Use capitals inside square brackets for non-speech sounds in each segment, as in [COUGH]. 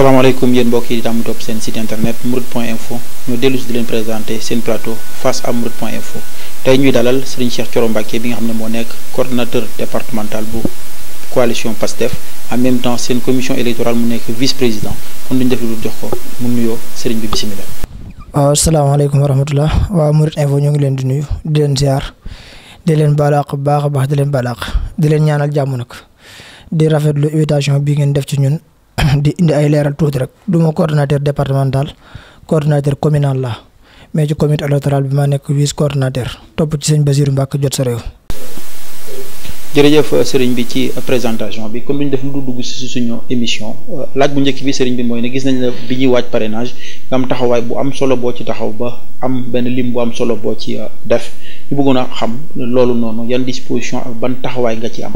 asalaamaaleykum yéen mbokk bokki di tàmm topp seen site internet mourid.info ñu info ñoo di leen présenter sen plateau face à mourid.info tay ñuy dalal Serigne Cheikh Thioro Mbacké bi nga xamne mo nek coordinateur départemental bu coalition PASTEF en même temps sen commission électorale mu nek vice président kon duñ def lu jox ko mu nuyo Serigne bi bisimilah. waaw asalaamaaleykum wa rahmatullah wa Mourides info ñoo ngi leen di nuyu di leen ziar di leen balaaq baax baax di leen balaaq di leen ñaanal jamm nak di rafetlu invitation bi ngeen def ci ñun. [COUGHS] di indi ay leeral tuuti rek du ma coordonnateur départemental coordonnateur communal la mais ci comité électoral bi maa nekk vice coordonnateur topp ci sëñ Basirou Mbacke jot sa réew. jërëjëf euh, sëriñ bi ci présentation bi comme ñu def lu dugg si suñu émission euh, laaj bu njëkk bi sëriñ bi mooy ne gis nañ ne bi ñuy waaj parrainage nga am taxawaay bu am solo boo ci taxaw ba am benn lim bu am solo boo ci euh, def ñu bëggoon a xam loolu noonu yan disposition ak ban taxawaay nga ci am.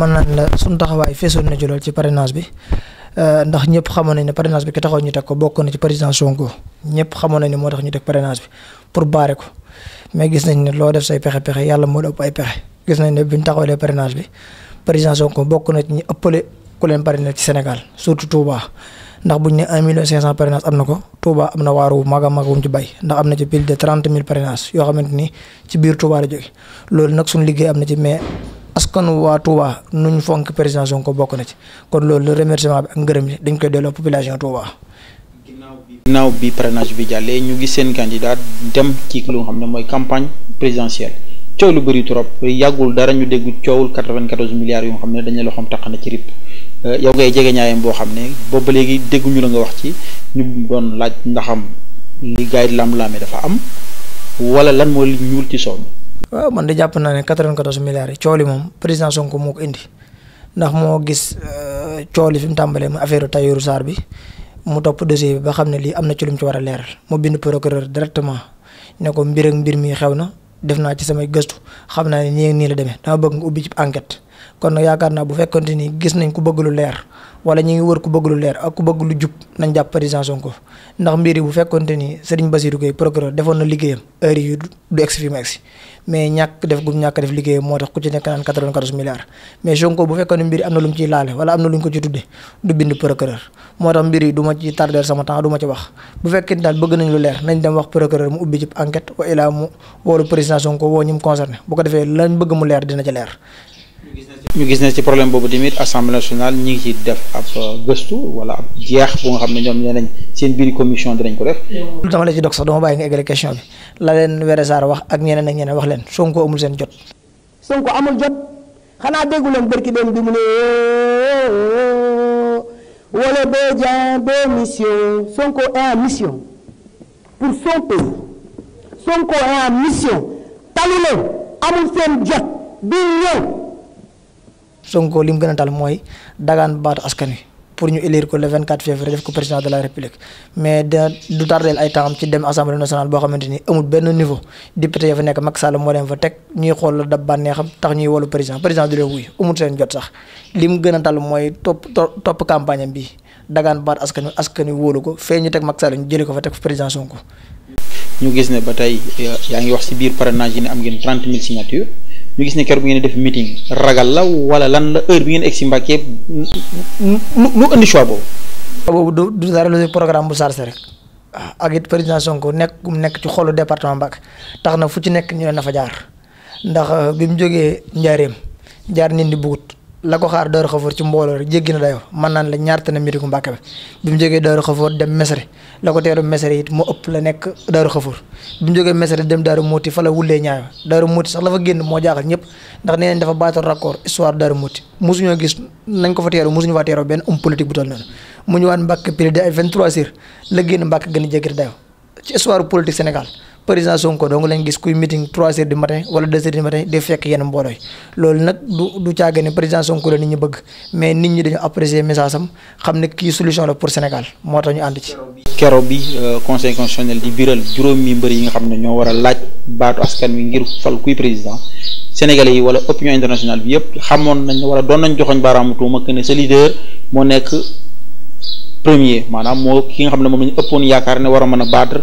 man naan la suñu taxawaay feesoon na ci lool ci parrainage bi euh, ndax ñëpp xamoon nañ ne parrainage bi ki taxaw ñu teg ko bokk ci président Sonko ñëpp xamoon nañ ne moo tax ñu teg parrainage bi pour baare ko mais gis nañ ne loo def say pexe pexe yàlla moo la ëpp ay pexe gis nañ ne biñ taxawalee parrainage bi président Sonko bokk na ci ñu ëppale ku leen parrainé ci Sénégal surtout Touba ndax buñ ne 1 million 500 parrainage am na ko Touba am na waaru mag a mag wuñ ci bay ndax am na ci pile de 30 000 parrainage yoo xamante ni ci biir Touba la jóge loolu nag suñu liggéey am na ci mais askan waa Touba nu ñu fonk président Sonko bokk na ci kon loolu remerciement bi ak ngërëm yi dañ koy delloo population Touba. ginnaaw bi parrainage bi jàllee ñu gis seen candidat dem ci lu nga xam ne mooy campagne présidentielle coow lu bari trop yàggul dara ñu dégg coowul 94 milliards yu nga xam ne dañu la xam taq na ci rip euh, yow ngay jege ñaayam boo xam ne boobu léegi dégguñu la nga wax ci ñu doon laaj ndaxam li gars yi lam-laame dafa am wala lan moo ñuul ci soow waaw man de jàpp naa ne 94 milliards yi coow li moom président Sonko moo ko indi ndax moo gis euh, coow li fi mu tàmbalee mu affaire Tahirou Sarr bi mu topp dossier bi ba xam ne lii am na ci lu mu ci war a leeral mu bind procureur directement ne ko mbir ak mbir mi xew na def naa ci samay gëstu xam naa ne nii nii la demee dama bëgg nga ubbi ci enquête kon nag yaakaar naa bu fekkante ni gis nañ ku bëgg lu leer. wala ñu ngi wër ku bëgg lu leer ak ku bëgg lu jub nañ jàpp président ko ndax mbir yi bu fekkonte ni Serigne Bassirou Gueye procureur defoon na liggéeyam heure yi du egsi fi mu egsi mais ñàkk def gum ñàkk def liggéeyam moo tax ku ci nekk naan 94 milliards mais Sonko bu fekkoon ne mbir yi am na lu mu ciy laale wala am na lu ko ci tudde du bind procureur moo tax mbir yi duma ma ci tarder sama temps du ma ci wax bu fekkee daal bëgg nañ lu leer nañ dem wa ilaa mu woolu président Sonko woo ñu ko defee lañ bëgg mu leer dina ci leer ñu gis na ci problème bobu tamit assemblée nationale ñi ngi ci def ab gestu wala ab jeex bu nga xamne ñom ñoom seen biir commission dinañ ko def. dama la ci dox sax dama bàyyi nga eggale question bi la len Wéré wax ak ñeneen ak ñeneen wax len Sonko amul seen jot. Sonko amul jot xana déggu len barki dem bi mu ne wala ja bo mission Sonko é a mission pour son pays Sonko é a mission talu amul seen jot bi ñeu Sonko lim gëna dal moy dagan baat askani pour ñu élire ko le 24 février def ko président de la république mais da du tardel ay temps ci dem assemblée nationale bo xamanteni amul ben niveau député ya fa nek mak Sall mo dem fa tek ñuy xol da banexam tax ñuy wolu président président du rewuy amul seen jot sax lim gëna dal moy top top campagne bi dagan baat askani askani wolu ko feñu tek mak Sall ñu jël ko fa tek président Sonko ñu gis ne batay yaangi wax ci biir parrainage ni am ngeen 30000 signatures ñu gis ne ker bu ngeen def meeting ragal la wala lan la heure bi ngeen egg si Mbàkke lu indi choix boobu. du du dara lu programme bu sarse rek ah, ak it président ko nekk ku nekk ci xolu département Mbàkke tax na fu ci nekk ñu ne na fa jaar ndax euh, bi mu jógee Njaareem jaar nit di bugut la ko xaar Daaru Xafoor ci mbooloo rek jéggi na dayoo man naan la ñaar tane mbiru Mbàkke bi bi mu jógee Daaru Xafoor dem Mesere la ko teeru Mesere it moo ëpp la nekk Daaru Xafoor bi mu jógee Mesere dem Daaru Muuti fa la wulee ñaayo Daaru Muuti sax la fa génn moo jaaxal ñëpp ndax nee nañ dafa baatal raccord histoire Daaru Muuti mosuñoo gis nañ ko fa teeru mosuñu faa teeroo benn homme politique bu toll noonu mu ñëwaat Mbàkke période ay 23 heures la génn Mbàkke gën a jéggi dayoo ci histoire politique Sénégal président Sonko donc lañ gis kuy meeting trois heures du matin wala deux heures du matin di fekk yenn mboolooy loolu nag du du caaga ne président Sonko la nit ñi bëgg mais nit ñi dañu apprécier message am xam ne kii solution la pour Sénégal moo tax ñu ànd ci. keroog bi euh, conseil constitutionnel di biral yi mbër yi nga xam ne ñoo war a laaj baatu askan wi ngir fal kuy président sénégalais yi wala opinion internationale bi yëpp xamoon nañ wala doon nañ joxoñ baaraamu tuuma que ne sa moo nekk premier maanaam moo ki nga xam ne moom la ñu ëppoon yaakaar ne war mën a battre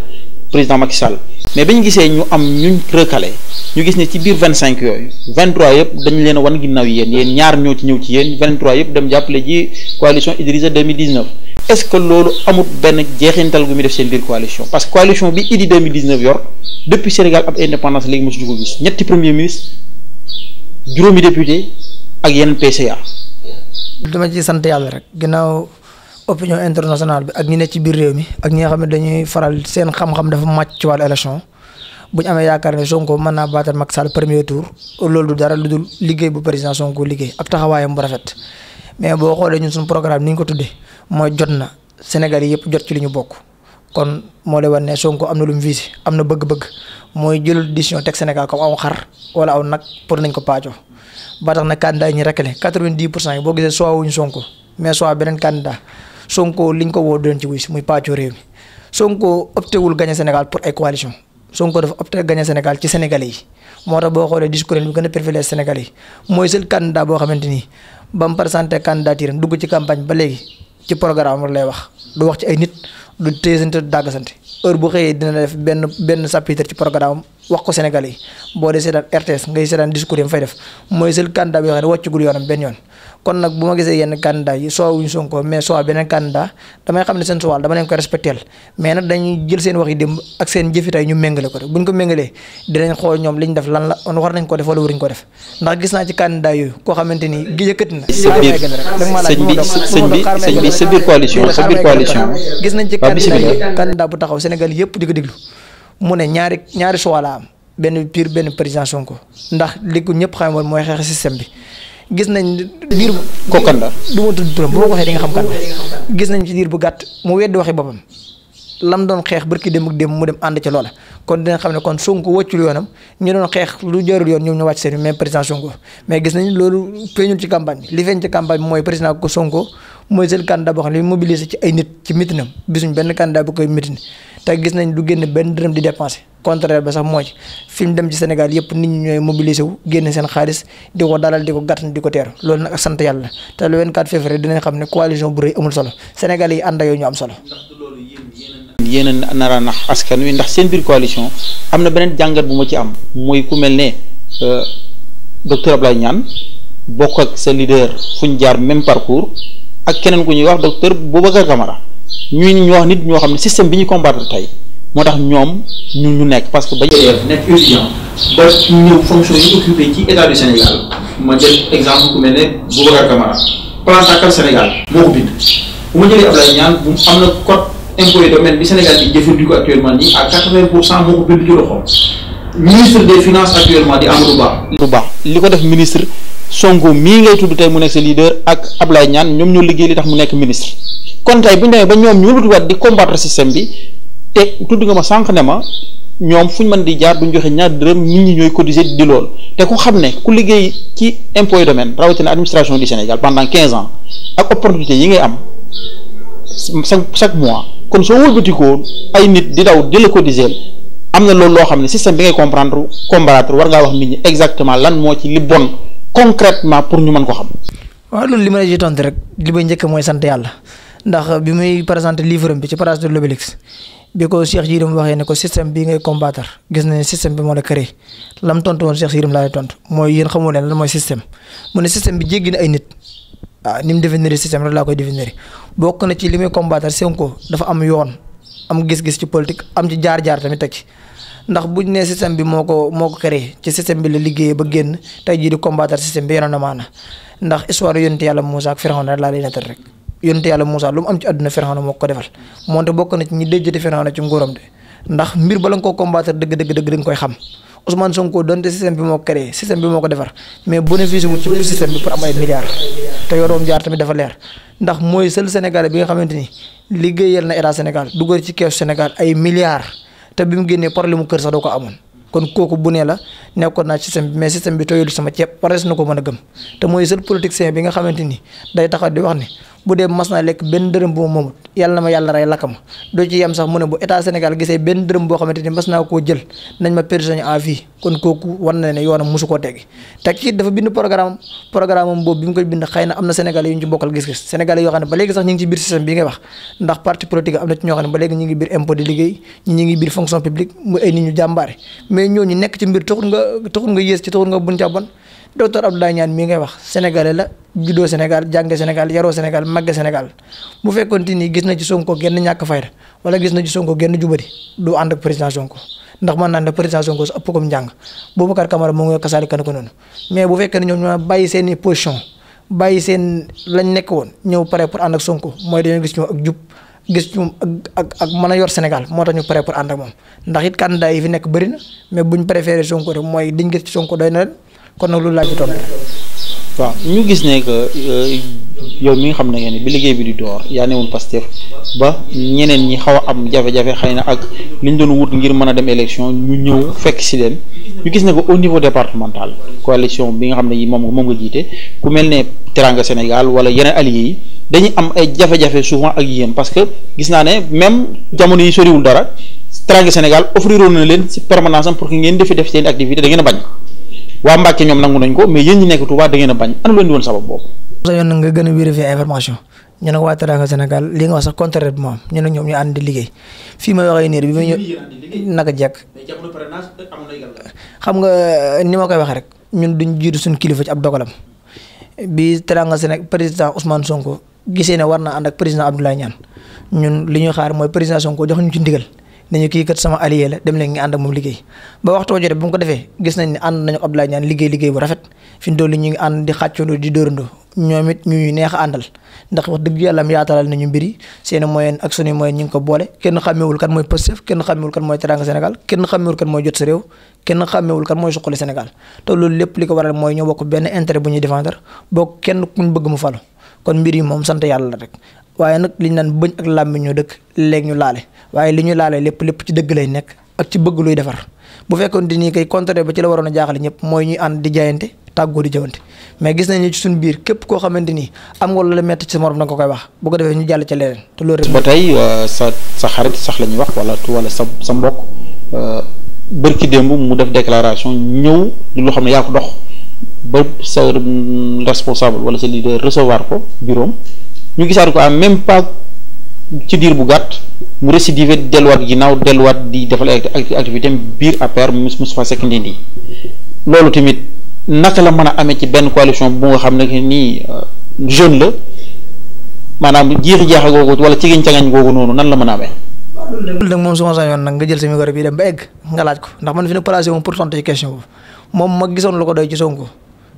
président Macky Sall mais bi ñu gisee ñu am ñuñ recalé ñu gis ne ci biir cinq yooyu vingt trois yëpp dañu leen wan ginnaaw yéen yéen ñaar ñoo ci ñëw ci yéen vingt trois yëpp dem jàppale ji coalition Idrissa 2019 est ce que loolu amut benn jeexintal gu muy def seen biir coalition parce que coalition bi Idy 2019 yor depuis Sénégal ab indépendance léegi mosuñu ko gis ñetti premier ministre juróomi député ak yeneen PCA. dama ci sant yàlla rek ginnaaw. opinion internationale bi ak ñi ne ci biir réew mi ak ñi nga xam ne dañuy faral seen xam-xam dafa màcc ci wàllu élection bu ñu amee yaakaar ne Sonko mën naa baatal Macky Sall premier tour loolu du dara lu dul liggéey bu président Sonko liggéey ak taxawaayam bu rafet mais boo xoolee ñun suñu programme ni ñu ko tuddee mooy jot na Sénégal yi yëpp jot ci lu ñu bokk kon moo lay wan ne Sonko am na lu mu visé am na bëgg-bëgg mooy jëlul décision teg Sénégal comme aw xar wala aw nag pour nañ ko paajoo na candidat yi ñu récalé quatre-vingt-dix pour yi boo gisee soit wuñu Sonko mais soit beneen candidat Sonko liñ ko woo doon ci wuy si muy pàccoo réew mi Sonko opté wul gagné Sénégal pour ay coalition Sonko dafa opté gagné Sénégal ci Sénégalais yi moo tax boo xoolee discours bi gën a privilégié Sénégalais yi mooy seul candidat boo xamante ni ba mu présenté candidature dugg ci campagne ba léegi ci programme lay wax du wax ci ay nit du téesante du dàggasante heure bu xëyee dina def benn benn chapitre ci programme wax ko Sénégalais yi boo dee seetaan RTS ngay seetaan discours yi mu fay def mooy seul candidat bi nga xam ne wàccagul kon nag bu ma gisee yenn candidat yi soit wuñ Sonko mais soit beneen candidat damay xam ne seen suwaal dama leen koy respecté mais nag dañuy jël seen wax yi démb ak seen jëfi tey ñu méngale ko rek buñ ko méngalee dinañ xool ñoom liñ def lan la war nañ ko def wala waruñ ko def ndax gis naa ci candidat yooyu koo xamante ni gi yëkkati na sëñ bi sëñ bi sëñ bi sa biir coalition sa biir coalition gis nañ ci candidat bu taxaw Sénégal yëpp di ko déglu mu ne ñaari ñaari choix am benn pire benn président ko ndax li ko ñëpp xam woon mooy xeex système bi gis nañ diir bu. kooku kan du ma tudd turam boo ko waxee dinga xam kan gis nañ ci diir bu gàtt mu di waxi boppam. lam doon xeex barki dem ak dem mu dem and ci loola kon dina xamne ne kon Sonko wàccul yonam ñu doon xeex lu jarul yon ñu ñu wacc seen même président Sonko mais gis nañu lolu feeñul ci campagne li feñ ci campagne moy mooy président ko Sonko moy jël candidat boo xam ne mobilisé ci ay nit ci mitinam bisuñ benn candidat bu koy mitin ta gis nañ du genn ben dërëm di dépenser contraire ba sax moy ci dem ci Sénégal yépp nit ñi ñoy mobiliser wu genn seen xaaliss di ko dalal di ko gàttan di ko teeru loolu nag ak sant yàlla le 24 février dinañ xamne coalition bu reuy amul solo Sénégal yi and ak yow ñu am solo yéen a nax askan wi ndax seen biir coalition am na beneen jàngat bu ma ci am mooy ku mel ne euh, docteur Ablaye Niane bokk ak sa leader fu jaar même parcours ak keneen ku ñuy wax docteur Boubacar Camara ñuy ñu ñu wax nit ñoo xam ne système bi ñu combattre tey moo tax ñoom ñu ñu nekk parce que bañ ba ñëw fonction yi occupé ci état du Sénégal ma jël exemple ku mel ne Boubacar Camara plan Takkal Sénégal moo ko bind bu ma jëlee Ablaye Niane am na code impôts et domaines bi Sénégal di jëfandiko actuellement nii à 80 pour cent moo ko bind ci loxo ministre des finances actuellement di Amadou Ba. Amadou Ba li ko def ministre Sonko mii ngay tudd tey mu nekk sa leader ak Ablaye Niane ñoom ñoo liggéey li tax mu nekk ministre kon tey bu ñu demee ba ñoom ñu wëlbatiwaat di combattre système bi te tudd nga ma sànq ne ma ñoom fu mën di jaar duñ joxe ñaar dërëm nit ñi ñooy cotiser di lool te ku xam ne ku liggéey ci impôt et domaine rawatina administration du Sénégal pendant 15 ans ak opportunité yi ngay am chaque chaque mois. kon soo wëlbatikoo ay nit di daw di la ko diseel am na lool loo xam ne système bi ngay comprendre combattre war ngaa wax nit exactement lan moo ci li bon concrètement pour ñu mën ko xam. waaw loolu li ma la tontu rek li may njëkk mooy sant yàlla ndax bi muy présenté livre bi ci place de l'Obélisque bi ko Cheikh Yirim waxee ne ko système bi ngay combattre gis nañu système bi moo la créé lam tontu woon Cheikh Yirim laa lay tontu mooy yéen xamoo leen lan mooy système mu ne système bi jéggi ay nit. ah ni mu définir système rek laa koy définir bokk na ci li muy combattre Sonko dafa am yoon am gis-gis ci politique am ci jaar-jaar tamit teg ci ndax ñu nee système bi moo ko moo ko créé ci système bi la liggéeyee ba génn tey jii di combattre système bi yoroon na maana ndax histoire yonent yàlla Moussa ak Firawna rek laa lay nettal rek yonent yàlla Moussa lu mu am ci àdduna Firawna moo ko defal moonte bokk na ci ñi déjjati Firawna ci nguuram ndax mbir bala nga koo combattre dëgg dëgg dëgg da nga koy xam. Ousmane Sonko donte système bi moo ko créé système bi moo ko defar mais bénéfice wu ci biir système bi pour am ay milliards te yoroom jaar tamit dafa leer ndax mooy seul Sénégalais bi nga xamante ni liggéeyal na état Sénégal dugal ci keesu Sénégal ay milliards te bi mu génnee problème mu kër sax doo ko amoon. kon kooku bu ne la nekkoon naa système bi mais système bi tooyul sama ceeb parees na ko mën a gëm te mooy seul politicien bi nga xamante ni day ni bu dee mas naa lekk benn dërëm bu ma moomut yàlla na ma yàlla rey lakk ma doo ci yem sax mu ne bu état Sénégal gisee benn dërëm boo xamante ni mas naa ko jël nañ ma prisonnier en vie kon kooku war na ne yoonam mosu koo tegi teg ci dafa bind programme programme am boobu bi mu koy bind xëy na am na Sénégalais yu ñu ci bokkal gis-gis Sénégalais yoo xam ne ba léegi sax ñu ngi ci biir système bi ngay wax ndax parti politique am na ci ñoo xam ba léegi ngi biir impôt ñi ñu ngi biir fonction ñu jàmbaare mais ñooñu nekk ci mbir taxul nga nga yées ci taxul nga bun ca docteur Abdoulaye Niane mi ngay wax sénégalais la juddoo Sénégal jangé Sénégal yaro Sénégal màgge Sénégal bu fekkon tini gis na ci Sonko genn ñak fayda wala gis na ci Sonko genn jubari du and ak président Sonko ndax man nan ne président Sonko su ëpp ko njàng Boubacar Camara mo ngi kasaali kan ko non mais bu fekkee ne ñoom ñoo bayyi seen position bayyi seen lañ nekk won ñew paré pour and ak Sonko moy dañu gis ñu ak jub gis ñu ak ak mën a yor Sénégal mo tax ñu paré pour and ak mom ndax it candidat yi fi nekk bari na mais buñ préféré Sonko rek moy diñ gis ci Sonko doyna kon nag loolu laa ci tontu. waaw ñu gis ne que euh, yow mi nga xam ne ni bi liggéey bi di door yaa newoon Pastef ba ñeneen ñi xaw a am jafe-jafe xëy na ak ñu doon wut ngir mën a dem élection ñu ñëw fekk si leen ñu gis ne ko au niveau départemental coalition bi nga xam ne yi moom moom nga jiite ku mel ne Teranga Sénégal wala yeneen alliés yi dañu am ay jafe-jafe souvent ak yéen parce que gis naa ne même jamono yi soriwul dara Teranga Sénégal offriroon na leen si permanence am pour que ngeen def seen activité da ngeen a bañ. wa mbacke ñom nangu nañ ko mais yeen ñi nek tuba da ngeena bañ an lu leen won sabab bop sa yon nga gëna vérifier information ñu nak wa tara nga sénégal li nga wax sax contrat bi mo ñu nak ñom ñu and di liggéey fi ma waxé neer bi ma ñu naka jek euh, xam nga euh, ni ma koy wax rek ñun duñ jiitu suñ kilifa ci ab dogalam bi tara nga sénégal président ousmane sonko gisé né warna and ak président abdoulaye ñan ñun li ñu xaar moy président sonko jox ñu ci ndigal nañu ki kat sama allié la dem leen ngi ak mom liggéey ba waxto jotee bu mu ko defee gis nañ ni and nañu Abdoulaye Niane liggéey liggéey bu rafet fi ñu dolli ñu ngi and di xàccandoo di dóorandoo ñoom ñuy neex andal ndax wax dëgg yalla am yaatalal nañu mbiri seen moyen ak suñu moyen ñu ngi ko boole kenn xamewul kan moy Pastef kenn xamewul kan moy teranga Sénégal kenn xamewul kan moy jot réew kenn xamewul kan moy suqali Sénégal taw loolu lepp liko waral moy ñoo bokk ben intérêt bu ñu défendre bokk kenn kuñ bëgg mu falu kon mbiri mom moom sant rek waaye nag liñ naan bëñ ak làmmiñ dëkk léeg ñu laale waaye li ñu laale lépp lépp ci dëgg lay nekk ak ci bëgg luy defar bu fekkoon di nii kay contraire ba ci la waroon a jaaxale ñëpp mooy ñu ànd di jaayante tàggoo di jawante mais gis nañu ci suñu biir képp koo xamante ni am nga la metti ci sa morom da ko koy wax bu defee ñu jàll ci leneen te loolu rek. ba tey euh, sa sa xarit sax la ñuy wax wala wala sa sa mbokk euh, bërki démb mu def déclaration ñëw loo xam ne yaa dox ba sa responsable wala sa leader recevoir ko bureau ñu gisaat ko am même pas ci diir bu gàtt mu récidivé delluwaat ginnaaw delluwaat di defal ay activité mu biir APR Moustapha Seck Ndindi loolu tamit naka la mën a amee ci benn coalition bu nga xam ne nii euh, jeune la maanaam jiixi jaaxa googu wala ci giñ cangañ googu noonu nan la mën a amee. loolu nag moom su ma sañoon nag nga jël sa micro bi dem ba egg nga laaj ko ndax man fi ne placé moom pour tontu ci question moom ma gisoon lu ko doy ci ko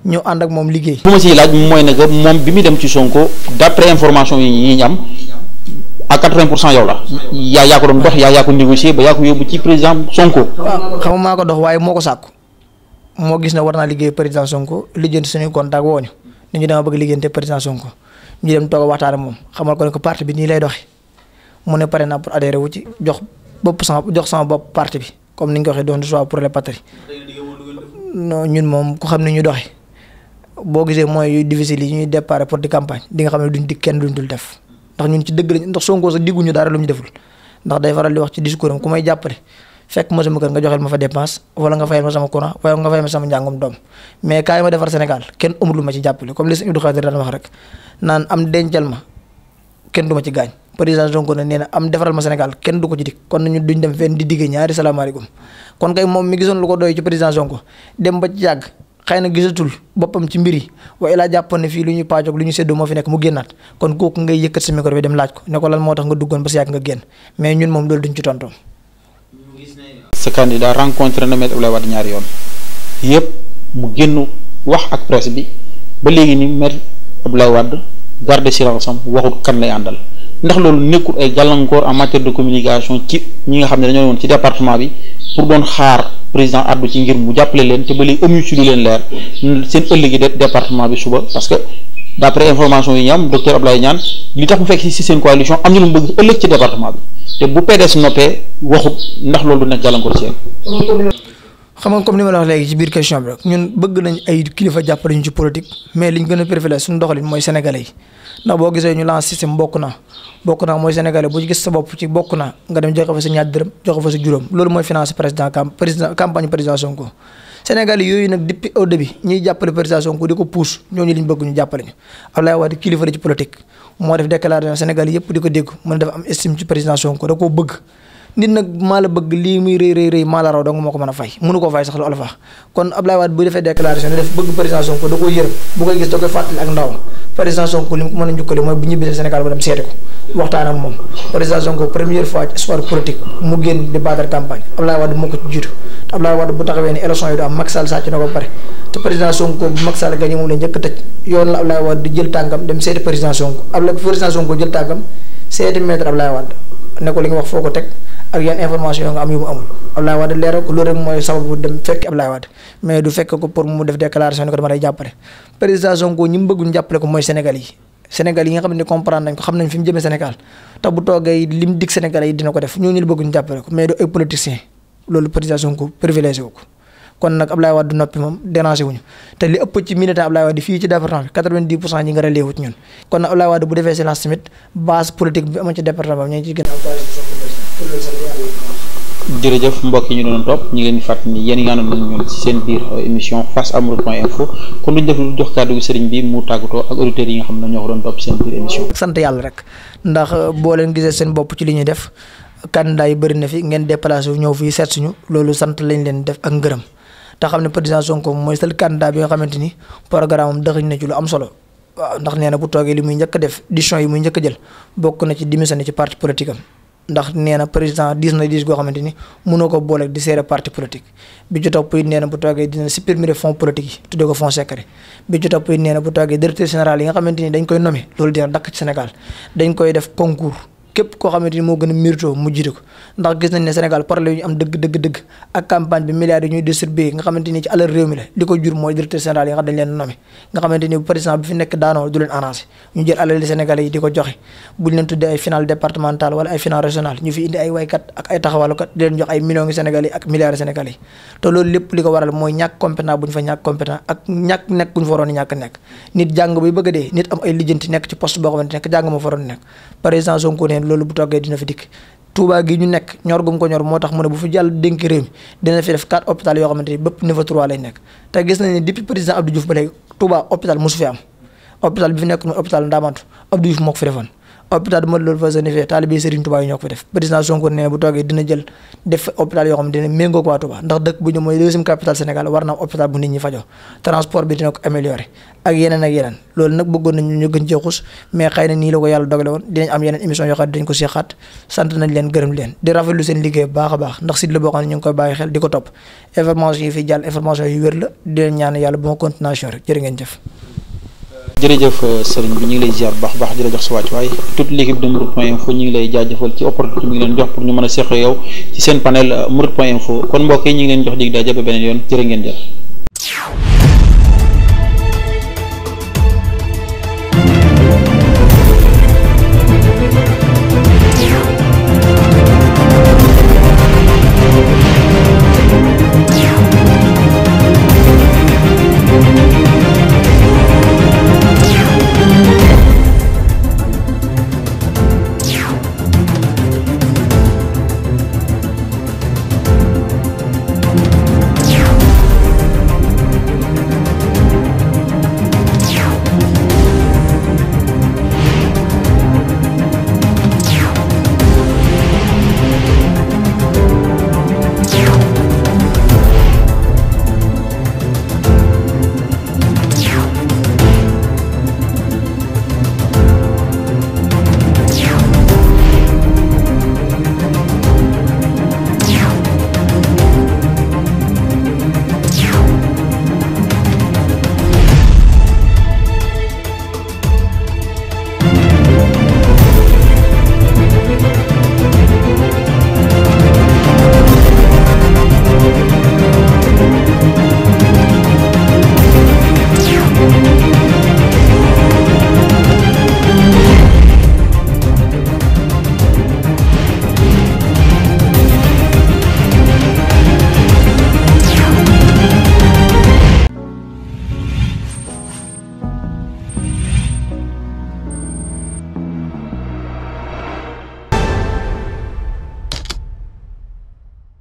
ñu and ak mom liggéey. buma ci laaj moy ne que bi mi dem ci Sonko d'après information yi ñi ñam à 80 yow la. ya ya ko doon dox ya ya ko négocier ba ya ko yobu ci président Sonko. xam ma ko dox waye moko sakku mo gis na warna naa liggéey président Sonko lijjanti suñu contact woñu ni ñu dama bëgg liggéeyante président Sonko ñu dem toog waxtaan mom xamal ko ne ko parti bi ni lay doxé mu ne pare na pour adhéré wu ci jox bop sama jox sama bop parti bi comme ni nga waxé don choix pour les patrie non ñun mom ku xamni ñu doxé boo gisee mooy yu difficile yi ñuy départ pour di campagne di nga xam ne duñ di kenn duñ dul def ndax ñun ci dëgg lañ ndax Sonko sax digguñu dara lu mu deful ndax day di wax ci discours am may jàppale fekk ma sama kër nga joxel ma fa dépense wala nga fayal ma sama courant wala defar Sénégal kenn amul ma ci jàppale comme li sëñ naan am dencal ma kenn du ma ci gaañ président Sonko ne nee na am defaral ma Sénégal kenn du ko ci dig kon nañu duñ dem fenn di diggee ñaari salaamaaleykum kon kay moom mi gisoon lu ko doy ci président Sonko dem ba ci yàgg xeyna gisatul bopam ci mbiri wa ila jappone fi luñu ñu paajok lu seddo mo fi nek mu gennat kon koku ngay yëkkat sa micro bi dem laaj ko ne ko lan motax nga duggon ba sa yak nga genn mais ñun mom lool duñ ci tonto ce candidat rencontré na maître oulay wad ñaar yoon yépp mu gennu wax ak presse bi ba légui ni maître oulay wad garder silence am waxut kan lay àndal ndax loolu nekkul ay gàllankoor en matière de communication ci ñi nga xam ne dañoo woon ci département bi pour doon xaar président addu ci ngir mu jàppale leen te ba léegi amuñu ci lu leen leer seen ëllëgi de département bi suba parce que d'après information yi ñu am docteur Ablaye ñaan li tax mu fekk si seen coalition am na lu mu bëgg ëllëg ci département bi te bu PDS noppee waxut ndax loolu du nekk gàllankoor ci xam nga comme ni ma la wax léegi ci biir question bi rek ñun bëgg nañ ay kilifa jàppale ñu ci politique mais liñ gën a préféré suñu doxalin mooy sénégalais yi ndax boo gisee ñu lance système na bokk na mooy sénégalais bu gis sa bopp ci bokk na nga dem joxe fa sa ñaar dërëm joxe fa sa juróom loolu mooy financé président président campagne président Sonko sénégalais yooyu nag depuis au début ñuy jàppale président Sonko di ko pousse ñooñu liñ bëgg ñu jàppale ñu Abdoulaye Wade kilifa la ci politique moo def déclaration sénégalais yëpp di ko dégg mën dafa am estime ci président Sonko da koo bëgg nit nag maa la bëgg lii muy rëy rëy rëy maa la raw dong moo ko mën a fay mënu ko fay sax lu olof wax kon Abdoulaye Wade bu defee déclaration ne def bëgg président Sonko da koy yërëm bu koy gis da koy fàttali ak ndaw a njukkale mooy bu ñibbisee Sénégal mu dem seeti ko waxtaan ak moom président Sonko première du jël tànkam dem seeti président Sonko Abdoulaye président Sonko jël tànkam seeti maître Abdoulaye Wade ne ko li nga wax foo ko teg ak yan information yoo nga am yu mu amul Abdoulaye Wade leeral ko loolu rek mooy sababu dem fekk Abdoulaye Wade ni ko dama lay jàppale président Sonko ñi bëgg ñu jàppale ko mooy ne comprendre nañ ko xam nañ fi mu jëmee Sénégal te bu toogee du ay politicien loolu président Sonko privilégié ko kon nag Abdoulaye Wade du noppi moom déranger wuñu te li ëpp ci militant Abdoulaye Wade fii ci département bi 90 pour cent ñi nga reléewut ñun kon nag Abdoulaye Wade bu defee silence tamit base politique bi amoon ci département jërëjëf mbokk ñu doon topp ñu leen fàtt ni yéen nga seen biir émission face kon def lu jox kàddu gi sëriñ bi mu tàggatoo ak auditeurs yi nga xam ne ñoo ko doon topp sant yàlla rek ndax euh, boo leen gisee seen bopp ci li ñuy def candidat bëri na fi ngeen déplacé wu ñëw fii seet suñu loolu sant lañ leen def ak ngërëm te xam ne président Sonko mooy seul candidat bi nga xamante ni programme am dëxëñ na ci lu am solo. waaw ndax nee na bu toogee li muy njëkk def décision yi muy njëkk a jël bokk na ci démissionné ci parti politique ndax nee na président diis na diis goo xamante ni ko booleeg di seere parti politique bi ci topp it nee na bu toogee dina supprimer fonds politique yi tuddee ko fonds secret bi ci topp it nee na bu toogee directeur général yi nga xamante ni dañ koy nommer loolu dina dakk ci Sénégal dañ koy def concours képp koo xamante ni moo gën a mérito mu jiite ndax gis nañ ne Sénégal problème yi ñu am dëgg dëgg dëgg ak campagne bi milliards yi ñuy distribué nga xamante ni ci alal réew mi la li ko jur mooy directeur général yi di ko joxe buñ leen tuddee ay final départemental wala ay final régional ñu fi indi ay waykat ak ay taxawalukat di leen jox ay millions yi Sénégalais yi ak milliards Sénégalais yi te loolu lépp li ko waral mooy ñàkk compétent bu ñu fa ñàkk compétent ak ñàkk nekk loolu bu toggee dina fi dikk Touba gi ñu nekk ñor gum ko ñor moo tax mu ne bu fi jàll dénk réew mi dina fi def quatre hôpital yoo xamante ni bépp niveau 3 lay nekk te gis nañ ne depuis président Abdou Diouf ba léegi Touba hôpital mosu fi am hôpital bi fi nekk mooy hôpital Ndamatou Abdou Diouf moo ko fi defoon hôpital du Modou Lo fa zone fee taalibe Serigne Touba yi ñoo ko fi def président Sonko ne bu toogee dina jël def hôpital yoo xam ne dina méngoo ko waa Touba ndax dëkk bu ñu mooy deuxième fajoo transport bi dina ko améliorer ak yeneen ak yeneen loolu nag bëggoon nañu ñu gën cee mais xëy na nii la ko yàlla dogale woon dinañ am yeneen émission yoo xam ne dañ ko seexaat sant nañ leen gërëm leen di rafetlu seen liggéey bu baax a baax ndax site la boo xam jërëjëf euh, sëriñ bi ñu ngi lay ziar baax baax di la jox sa wàcc waay toute l'équipe de Mourides point info ñu ngi lay jaajëfal ci opportunité bi ngi leen jox pour ñu mën a seq yow ci seen panel euh, Mourides point info kon mbokk yi ñu ngi leen jox dig daje ba beneen yoon jërë ngeen jëf